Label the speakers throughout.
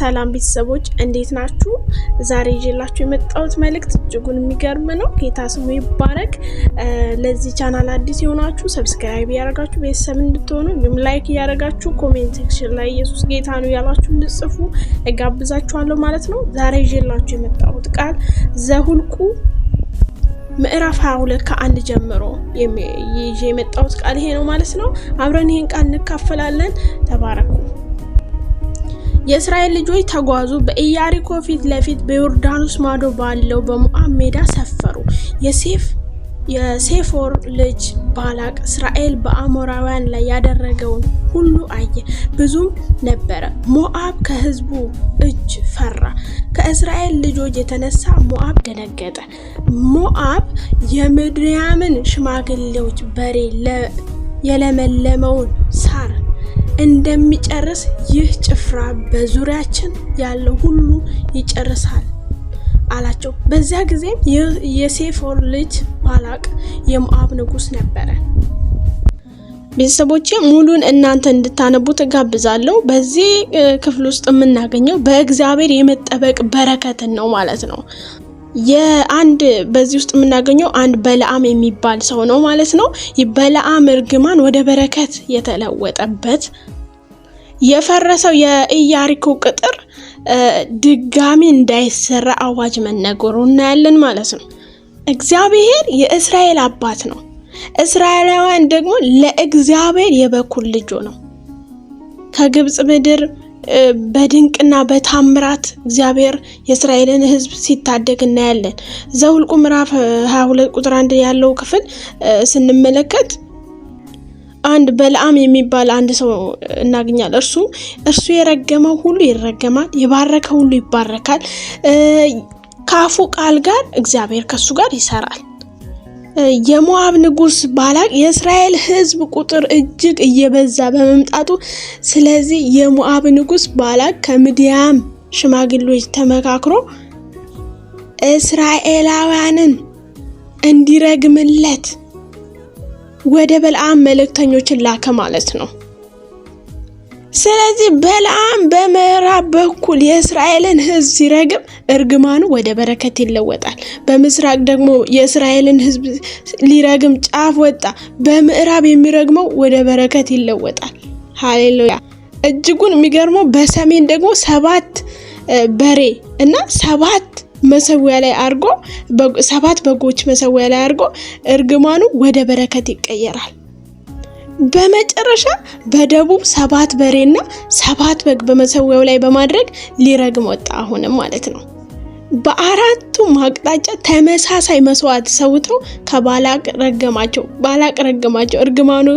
Speaker 1: ሰላም ቤተሰቦች እንዴት ናችሁ? ዛሬ ይዤላችሁ የመጣሁት መልእክት እጅጉን የሚገርም ነው። ጌታ ስሙ ይባረክ። ለዚህ ቻናል አዲስ የሆናችሁ ሰብስክራይብ እያደረጋችሁ ቤተሰብ እንድትሆኑ እንዲሁም ላይክ እያደረጋችሁ ኮሜንት ሴክሽን ላይ ኢየሱስ ጌታ ነው ያላችሁ እንድጽፉ እጋብዛችኋለሁ ማለት ነው። ዛሬ ይዤላችሁ የመጣሁት ቃል ዘሁልቁ ምዕራፍ 22 ከአንድ ጀምሮ ይዤ የመጣሁት ቃል ይሄ ነው ማለት ነው። አብረን ይህን ቃል እንካፈላለን። ተባረኩ። የእስራኤል ልጆች ተጓዙ፣ በኢያሪኮ ፊት ለፊት በዮርዳኖስ ማዶ ባለው በሞዓብ ሜዳ ሰፈሩ። የሴፍ የሴፎር ልጅ ባላቅ እስራኤል በአሞራውያን ላይ ያደረገውን ሁሉ አየ፣ ብዙም ነበረ። ሞዓብ ከህዝቡ እጅ ፈራ። ከእስራኤል ልጆች የተነሳ ሞዓብ ደነገጠ። ሞዓብ የምድያምን ሽማግሌዎች በሬ የለመለመውን እንደሚጨርስ ይህ ጭፍራ በዙሪያችን ያለው ሁሉ ይጨርሳል አላቸው። በዚያ ጊዜም የሴፎር ልጅ ባላቅ የሞአብ ንጉስ ነበረ። ቤተሰቦቼ ሙሉን እናንተ እንድታነቡት እጋብዛለሁ። በዚህ ክፍል ውስጥ የምናገኘው በእግዚአብሔር የመጠበቅ በረከትን ነው ማለት ነው። የአንድ በዚህ ውስጥ የምናገኘው አንድ በለዓም የሚባል ሰው ነው ማለት ነው። በለዓም እርግማን ወደ በረከት የተለወጠበት የፈረሰው የኢያሪኮ ቅጥር ድጋሚ እንዳይሰራ አዋጅ መነገሩ እናያለን ማለት ነው። እግዚአብሔር የእስራኤል አባት ነው። እስራኤላውያን ደግሞ ለእግዚአብሔር የበኩር ልጆ ነው። ከግብፅ ምድር በድንቅና በታምራት እግዚአብሔር የእስራኤልን ሕዝብ ሲታደግ እናያለን። ዘኍልቍ ምዕራፍ 22 ቁጥር አንድ ያለው ክፍል ስንመለከት አንድ በለዓም የሚባል አንድ ሰው እናገኛል። እርሱ እርሱ የረገመው ሁሉ ይረገማል፣ የባረከ ሁሉ ይባረካል። ከአፉ ቃል ጋር እግዚአብሔር ከሱ ጋር ይሰራል። የሞዓብ ንጉስ ባላቅ የእስራኤል ህዝብ ቁጥር እጅግ እየበዛ በመምጣቱ ስለዚህ የሞዓብ ንጉስ ባላቅ ከምድያም ሽማግሌዎች ተመካክሮ እስራኤላውያንን እንዲረግምለት ወደ በልዓም መልእክተኞችን ላከ ማለት ነው። ስለዚህ በለዓም በምዕራብ በኩል የእስራኤልን ሕዝብ ሲረግም እርግማኑ ወደ በረከት ይለወጣል። በምስራቅ ደግሞ የእስራኤልን ሕዝብ ሊረግም ጫፍ ወጣ፣ በምዕራብ የሚረግመው ወደ በረከት ይለወጣል። ሃሌሉያ! እጅጉን የሚገርመው በሰሜን ደግሞ ሰባት በሬ እና ሰባት መሰዊያ ላይ አድርጎ ሰባት በጎች መሰዊያ ላይ አድርጎ እርግማኑ ወደ በረከት ይቀየራል። በመጨረሻ በደቡብ ሰባት በሬና ሰባት በግ በመሰዊያው ላይ በማድረግ ሊረግም ወጣ። አሁንም ማለት ነው በአራቱም አቅጣጫ ተመሳሳይ መስዋዕት ሰውቶ ከባላቅ ረገማቸው። ባላቅ ረገማቸው። እርግማኑ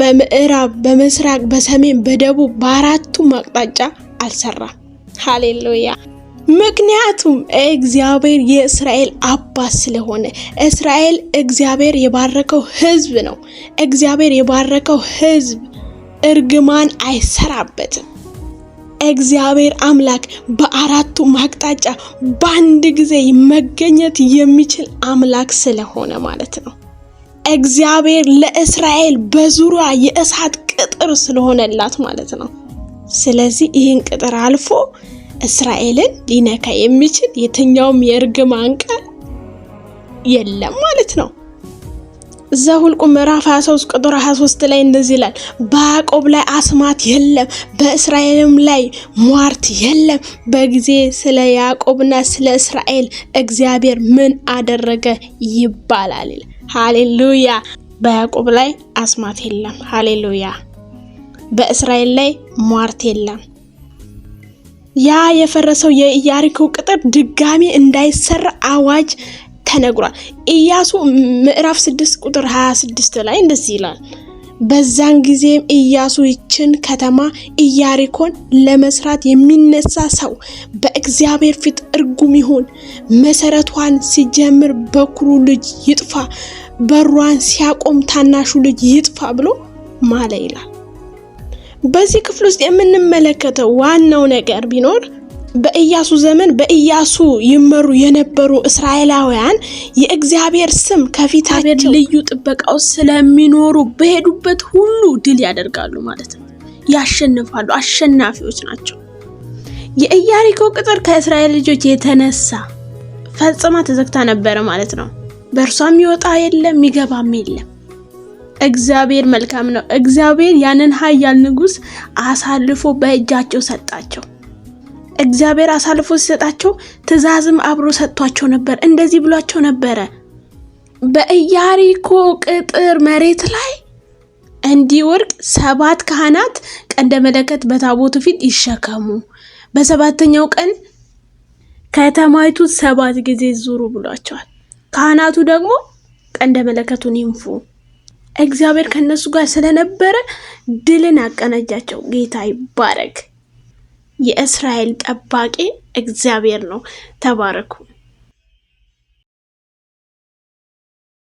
Speaker 1: በምዕራብ፣ በምስራቅ፣ በሰሜን፣ በደቡብ በአራቱም አቅጣጫ አልሰራም። ሃሌሉያ ምክንያቱም እግዚአብሔር የእስራኤል አባት ስለሆነ እስራኤል እግዚአብሔር የባረከው ሕዝብ ነው። እግዚአብሔር የባረከው ሕዝብ እርግማን አይሰራበትም። እግዚአብሔር አምላክ በአራቱ አቅጣጫ በአንድ ጊዜ መገኘት የሚችል አምላክ ስለሆነ ማለት ነው። እግዚአብሔር ለእስራኤል በዙሪያ የእሳት ቅጥር ስለሆነላት ማለት ነው። ስለዚህ ይህን ቅጥር አልፎ እስራኤልን ሊነካ የሚችል የትኛውም የእርግማን ቃል የለም ማለት ነው። እዛ ሁልቁ ምዕራፍ 23 ቁጥር 23 ላይ እንደዚህ ይላል፣ በያዕቆብ ላይ አስማት የለም፣ በእስራኤልም ላይ ሟርት የለም። በጊዜ ስለ ያዕቆብና ስለ እስራኤል እግዚአብሔር ምን አደረገ ይባላል። ሃሌሉያ! በያዕቆብ ላይ አስማት የለም። ሃሌሉያ! በእስራኤል ላይ ሟርት የለም። ያ የፈረሰው የኢያሪኮ ቅጥር ድጋሚ እንዳይሰራ አዋጅ ተነግሯል። ኢያሱ ምዕራፍ 6 ቁጥር 26 ላይ እንደዚህ ይላል። በዛን ጊዜም ኢያሱ ይችን ከተማ ኢያሪኮን ለመስራት የሚነሳ ሰው በእግዚአብሔር ፊት እርጉም ይሁን፣ መሰረቷን ሲጀምር በኩሩ ልጅ ይጥፋ፣ በሯን ሲያቆም ታናሹ ልጅ ይጥፋ ብሎ ማለ ይላል። በዚህ ክፍል ውስጥ የምንመለከተው ዋናው ነገር ቢኖር በኢያሱ ዘመን በኢያሱ ይመሩ የነበሩ እስራኤላውያን የእግዚአብሔር ስም ከፊታቸው
Speaker 2: ልዩ ጥበቃው ስለሚኖሩ በሄዱበት ሁሉ ድል ያደርጋሉ ማለት ነው። ያሸንፋሉ፣ አሸናፊዎች ናቸው። የኢያሪኮ ቅጥር ከእስራኤል ልጆች የተነሳ ፈጽማ ተዘግታ ነበረ ማለት ነው። በእርሷም ይወጣ የለም ይገባም የለም። እግዚአብሔር መልካም ነው። እግዚአብሔር ያንን ኃያል ንጉስ አሳልፎ በእጃቸው ሰጣቸው። እግዚአብሔር አሳልፎ ሲሰጣቸው ትእዛዝም አብሮ ሰጥቷቸው ነበር። እንደዚህ ብሏቸው ነበረ፣ በኢያሪኮ ቅጥር መሬት ላይ እንዲወድቅ ሰባት ካህናት ቀንደ መለከት በታቦቱ ፊት ይሸከሙ፣ በሰባተኛው ቀን ከተማይቱ ሰባት ጊዜ ዙሩ ብሏቸዋል። ካህናቱ ደግሞ ቀንደ መለከቱን ይንፉ። እግዚአብሔር ከነሱ ጋር ስለነበረ ድልን አቀናጃቸው። ጌታ ይባረክ። የእስራኤል ጠባቂ እግዚአብሔር ነው። ተባረኩ።